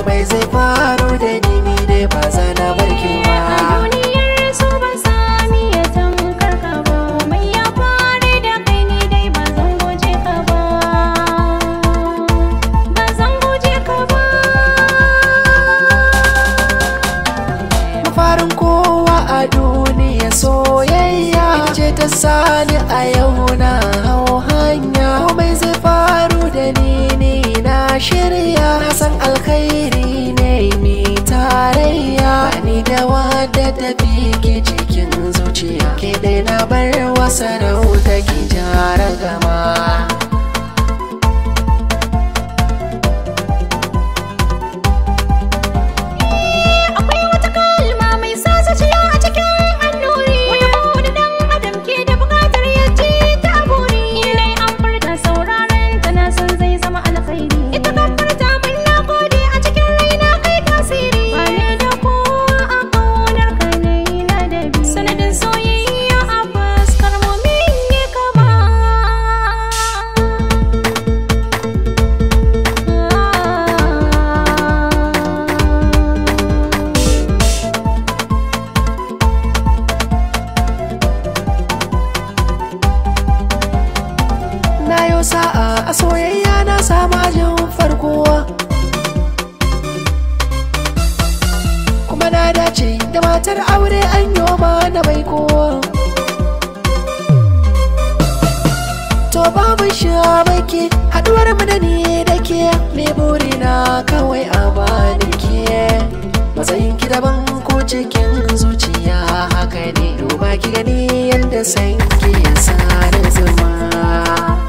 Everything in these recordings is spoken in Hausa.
komai zai faru da nimi dai ba za barki ba duniyar ba sami ya tamkar mai ya da kai ni dai ba ba ba ba mafarin kowa a duniya soyayya ce ta sani a yau na hau hanya komai zai faru da ni na shirya san alkai tafi ke cikin zuciya ke daina bar wasa da wuta ki jara gama Yau sa'a a soyayya na samu ajin farko kuma na dace da matar aure an yi na bai kowa to babu baki, haduwar mu da ni da ke ne burina kawai a bani ke matsayin ki daban ko cikin zuciya haka ne duba ki gani yadda sanki ya sa zama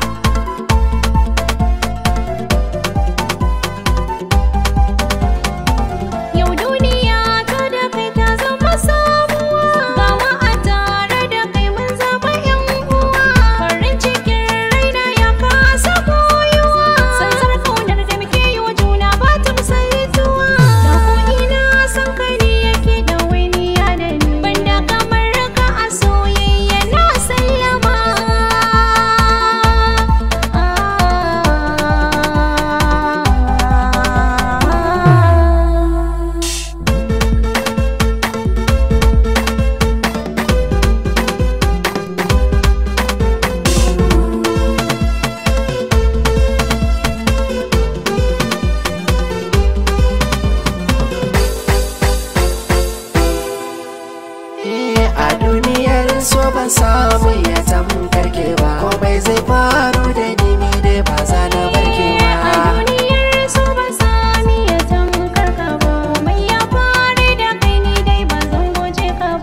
a duniyar so ban samu ya tamkar ke ba komai zai faru da ni ni dai ba za na barke ba a duniyar so ban samu ya tamkar ka ba mai ya faru da kai ni dai ba zan goje ba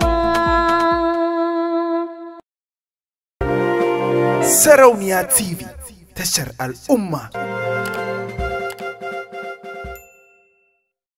sarauniya tv tashar al'umma